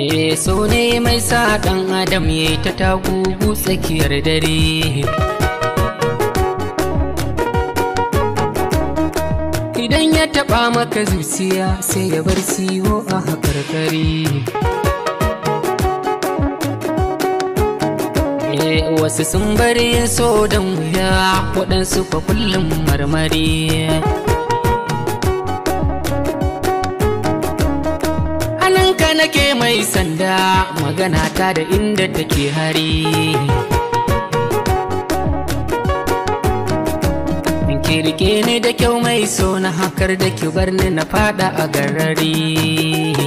Eh ne mai sa ɗan adam ya ta tagugu tsakiyar dare. Idan ya taɓa maka zuciya sai ya bar siwo a hakarkari. Eh, wasu sun bari so don wuya waɗansu fa kullum marmari. na nake mai sanda magana ta da inda take hari kirke ne da kyau mai so na hakar da ki bar ni na fada a garari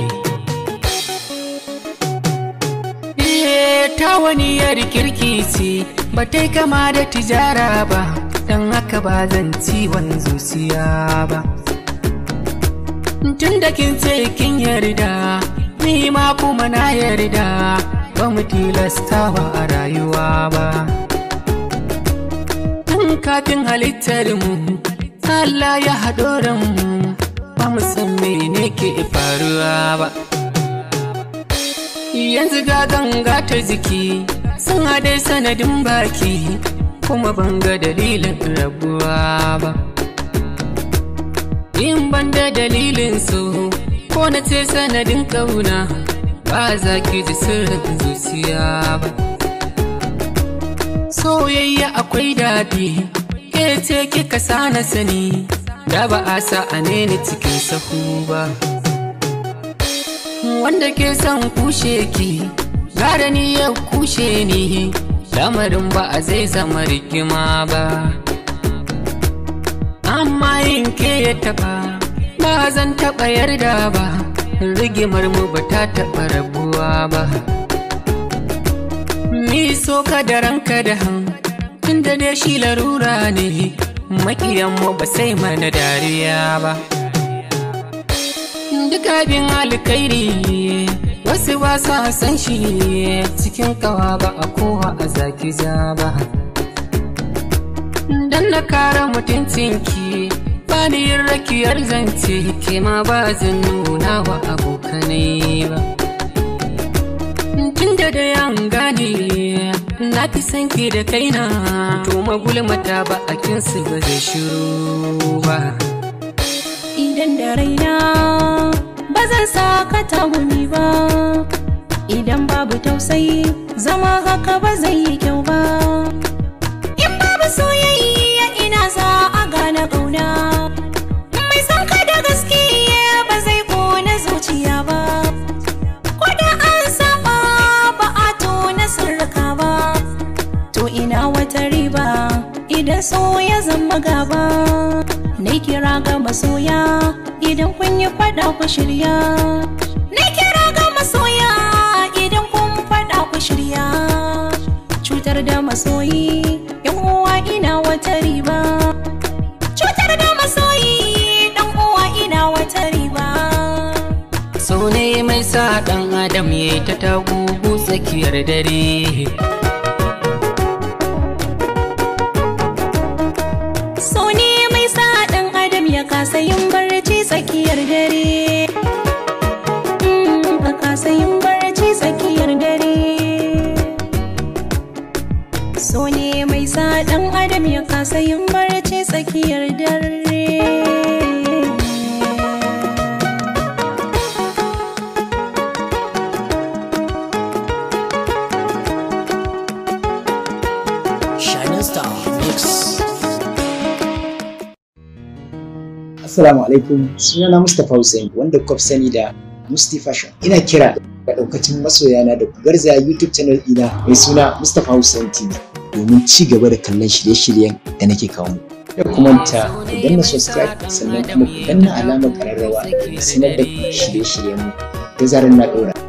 ta wani yar kirkici ba ta kama da tijara ba don haka ba zan ciwon zuciya ba tun da kin ce kin yarda nima ma kuma na yarda ba mu tilastawa a rayuwa ba tun kafin halittar mu Allah ya haɗo da mu ba mu san mene ke faruwa ba yanzu ga ganga ta jiki sun haɗe sanadin baki kuma ban ga dalilin rabuwa ba in ban da dalilin su ko na ce sanadin kauna ba za ki ji sirrin zuciya ba soyayya akwai daɗi ke ce kika na sani da ba a sa a nene cikin sahu ba wanda ke son kushe ki gara ni ya kushe ni lamarin ba a zai zama rigima ba amma yin ke ya taba ba zan taɓa yarda ba rigimar mu ba ta taɓa rabuwa ba Miso so ka da ranka da han tunda dai shi larura ne makiyan mu ba sai mana dariya ba duka bin alkairi wasu ba sa san shi cikin kawa ba a kowa a zaki ja ba dan na kara mutuncinki saniyar rakiyar zance ma ba zan nuna wa abokanai ba tun da da yan gane na fi san ke da kaina to magulmata ba a su ba zai shiru ba idan da raina ba zan sa saka tagumi ba idan babu tausayi zama haka ba zai yi kyau ba in babu soyayya idan so ya zama gaba na kira ga masoya idan kun yi fada ku shirya na kira ga masoya idan kun fada ku shirya cutar da masoyi yan uwa ina wata riba cutar da masoyi dan uwa ina wata riba so mai sa dan adam yayi ta tagugu tsakiyar dare na kasa dare na mm, kasa yin barci tsakiyar dare so ne mai sa dan adam ya kasa yin barci tsakiyar dare Shining Star Mix. Assalamu alaikum sunana Mustapha Hussein wanda fi sani da Musti Fashion. Ina kira ga ɗaukacin masoyana da garza YouTube channel ina mai suna Mustapha Hussein TV domin ci gaba da kallon shirye-shiryen da nake kawo. Ya ku manta ku danna subscribe sannan kuma ku danna alamar ƙararrawa sanar da shirye-shiryen mu da zarar na ɗora.